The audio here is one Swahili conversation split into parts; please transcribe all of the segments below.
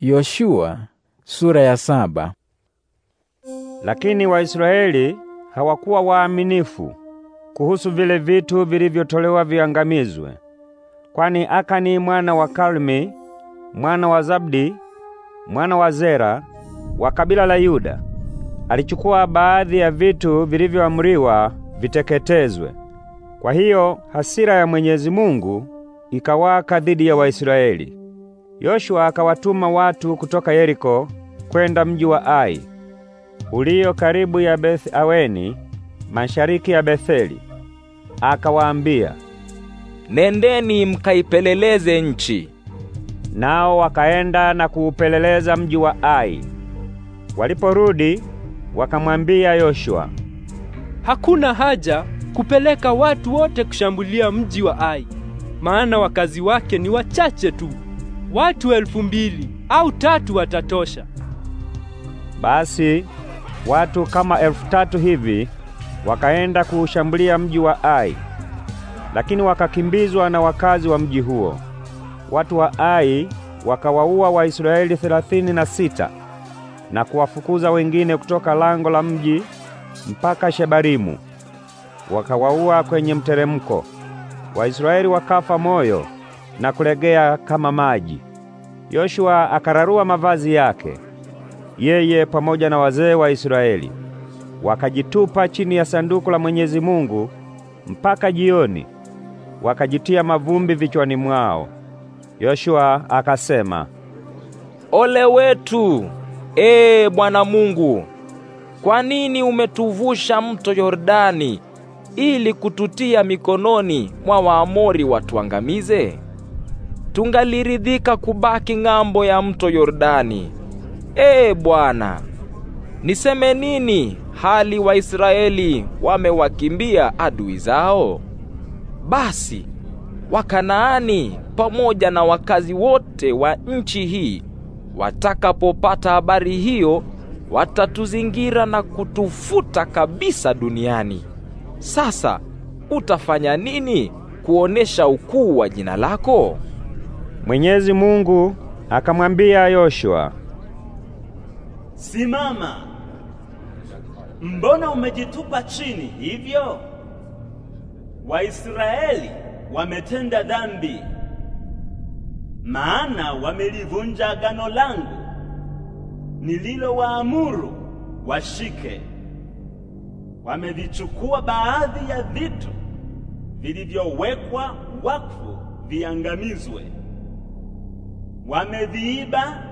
Yoshua sura ya saba. Lakini Waisraeli hawakuwa waaminifu kuhusu vile vitu vilivyotolewa viangamizwe, kwani Akani mwana wa Kalmi mwana wa Zabdi mwana wa Zera wa kabila la Yuda alichukua baadhi ya vitu vilivyoamriwa viteketezwe. Kwa hiyo hasira ya Mwenyezi Mungu ikawaka dhidi ya Waisraeli. Yoshua akawatuma watu kutoka Yeriko kwenda mji wa Ai ulio karibu ya Beth Aweni, mashariki ya Betheli. Akawaambia, nendeni mkaipeleleze nchi. Nao wakaenda na kuupeleleza mji wa Ai. Waliporudi wakamwambia Yoshua, hakuna haja kupeleka watu wote kushambulia mji wa Ai, maana wakazi wake ni wachache tu watu elfu mbili au tatu watatosha. Basi watu kama elfu tatu hivi wakaenda kuushambulia mji wa Ai, lakini wakakimbizwa na wakazi wa mji huo. Watu wa Ai wakawaua Waisraeli thelathini na sita na kuwafukuza wengine kutoka lango la mji mpaka Shebarimu, wakawaua kwenye mteremko. Waisraeli wakafa moyo na kulegea kama maji. Yoshua akararua mavazi yake, yeye pamoja na wazee wa Israeli, wakajitupa chini ya sanduku la Mwenyezi Mungu mpaka jioni, wakajitia mavumbi vichwani mwao. Yoshua akasema, ole wetu, ee Bwana Mungu, kwa nini umetuvusha mto Yordani ili kututia mikononi mwa Waamori watuangamize? tungaliridhika kubaki ng'ambo ya mto Yordani. Ee Bwana, niseme nini hali Waisraeli wamewakimbia adui zao? Basi Wakanaani pamoja na wakazi wote wa nchi hii watakapopata habari hiyo, watatuzingira na kutufuta kabisa duniani. Sasa utafanya nini kuonesha ukuu wa jina lako? Mwenyezi Mungu akamwambia Yoshua, Simama, mbona umejitupa chini hivyo? Waisraeli wametenda dhambi, maana wamelivunja agano langu nililowaamuru washike. Wamevichukua baadhi ya vitu vilivyowekwa wakfu viangamizwe wameviiba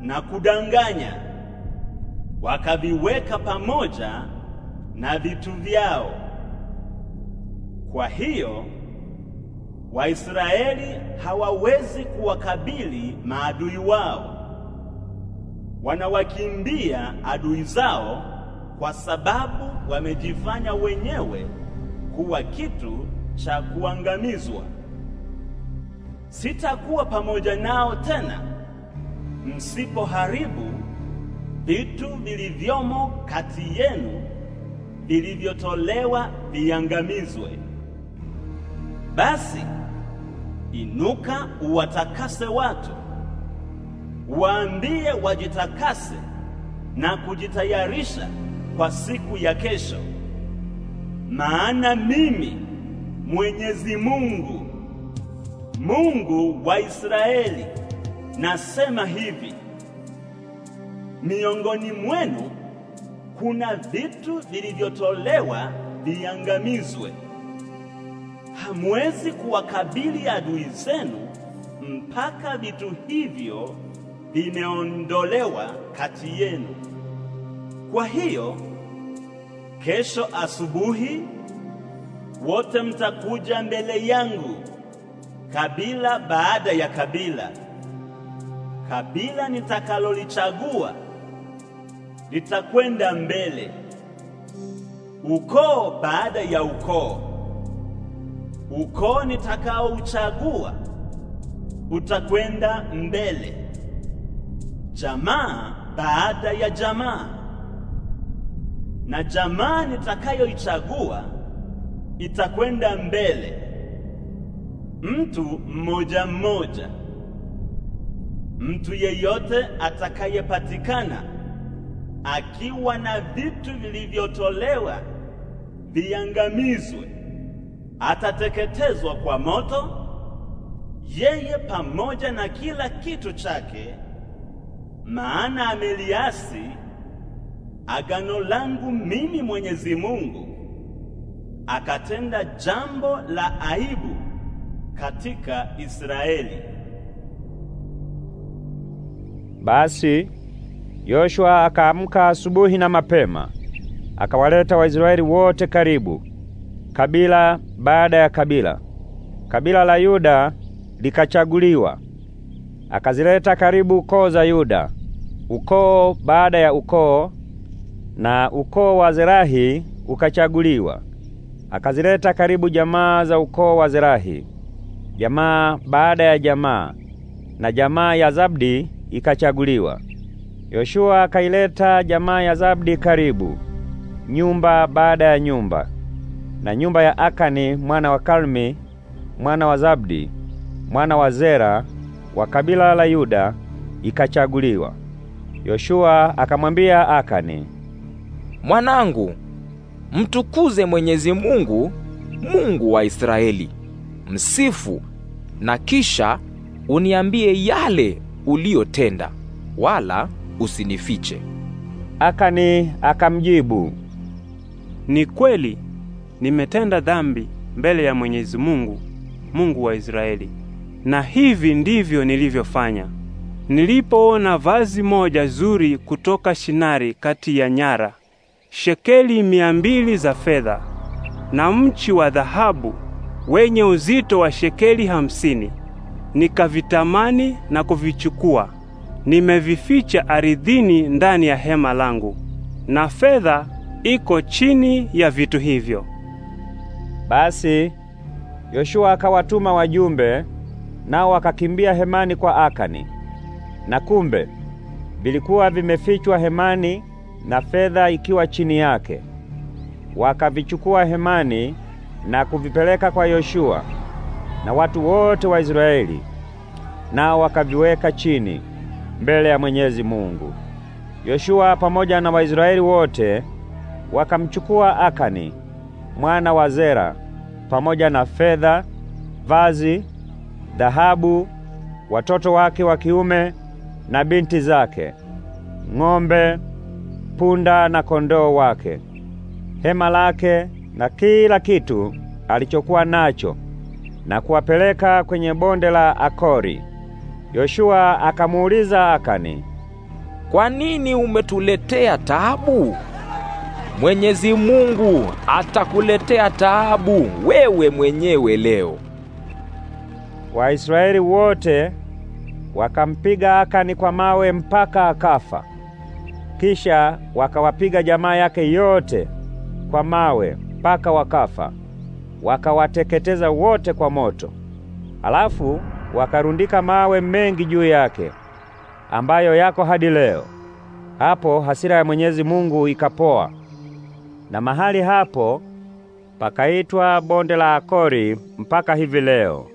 na kudanganya, wakaviweka pamoja na vitu vyao. Kwa hiyo Waisraeli hawawezi kuwakabili maadui wao. Wanawakimbia adui zao kwa sababu wamejifanya wenyewe kuwa kitu cha kuangamizwa sitakuwa pamoja nao tena, msipoharibu vitu vilivyomo kati yenu vilivyotolewa viangamizwe. Basi inuka, uwatakase watu, waambie wajitakase na kujitayarisha kwa siku ya kesho, maana mimi Mwenyezi Mungu Mungu wa Israeli, nasema hivi: miongoni mwenu kuna vitu vilivyotolewa viangamizwe. Hamwezi kuwakabili adui zenu mpaka vitu hivyo vimeondolewa kati yenu. Kwa hiyo kesho asubuhi wote mtakuja mbele yangu kabila baada ya kabila. Kabila nitakalolichagua litakwenda mbele, ukoo baada ya ukoo. Ukoo nitakaouchagua utakwenda mbele, jamaa baada ya jamaa, na jamaa nitakayoichagua itakwenda mbele mtu mmoja mmoja. Mtu yeyote atakayepatikana akiwa na vitu vilivyotolewa viangamizwe, atateketezwa kwa moto, yeye pamoja na kila kitu chake, maana ameliasi agano langu mimi Mwenyezi Mungu, akatenda jambo la aibu katika Israeli. Basi Yoshua akaamka asubuhi na mapema, akawaleta Waisraeli wote karibu, kabila baada ya kabila. Kabila la Yuda likachaguliwa. Akazileta karibu koo za Yuda, ukoo baada ya ukoo, na ukoo wa Zerahi ukachaguliwa. Akazileta karibu jamaa za ukoo wa Zerahi jamaa baada ya jamaa, na jamaa ya Zabdi ikachaguliwa. Yoshua akaileta jamaa ya Zabdi karibu, nyumba baada ya nyumba, na nyumba ya Akani mwana wa Kalmi mwana wa Zabdi mwana wa Zera wa kabila la Yuda ikachaguliwa. Yoshua akamwambia Akani, mwanangu, mtukuze Mwenyezi Mungu, Mungu wa Israeli msifu, na kisha uniambie yale uliyotenda, wala usinifiche. Akani akamjibu, ni kweli nimetenda dhambi mbele ya Mwenyezi Mungu, Mungu wa Israeli, na hivi ndivyo nilivyofanya. Nilipoona vazi moja zuri kutoka Shinari kati ya nyara, shekeli mia mbili za fedha na mchi wa dhahabu wenye uzito wa shekeli hamsini. Nikavitamani na kuvichukua, nimevificha aridhini ndani ya hema langu, na fedha iko chini ya vitu hivyo. Basi Yoshua akawatuma wajumbe, nao wakakimbia hemani kwa Akani, na kumbe vilikuwa vimefichwa hemani na fedha ikiwa chini yake. Wakavichukua hemani na kuvipeleka kwa Yoshua na watu wote wa Israeli, nao wakaviweka chini mbele ya Mwenyezi Mungu. Yoshua pamoja na Waisraeli wote wakamchukua Akani mwana wa Zera pamoja na fedha, vazi, dhahabu, watoto wake wa kiume na binti zake, ng'ombe, punda na kondoo wake, hema lake na kila kitu alichokuwa nacho na kuwapeleka kwenye bonde la Akori. Yoshua akamuuliza Akani, kwa nini umetuletea taabu? Mwenyezi Mungu atakuletea taabu wewe mwenyewe leo. Waisraeli wote wakampiga Akani kwa mawe mpaka akafa. Kisha wakawapiga jamaa yake yote kwa mawe mpaka wakafa, wakawateketeza wote kwa moto. Alafu wakarundika mawe mengi juu yake ambayo yako hadi leo. Hapo hasira ya Mwenyezi Mungu ikapoa, na mahali hapo pakaitwa bonde la Akori mpaka hivi leo.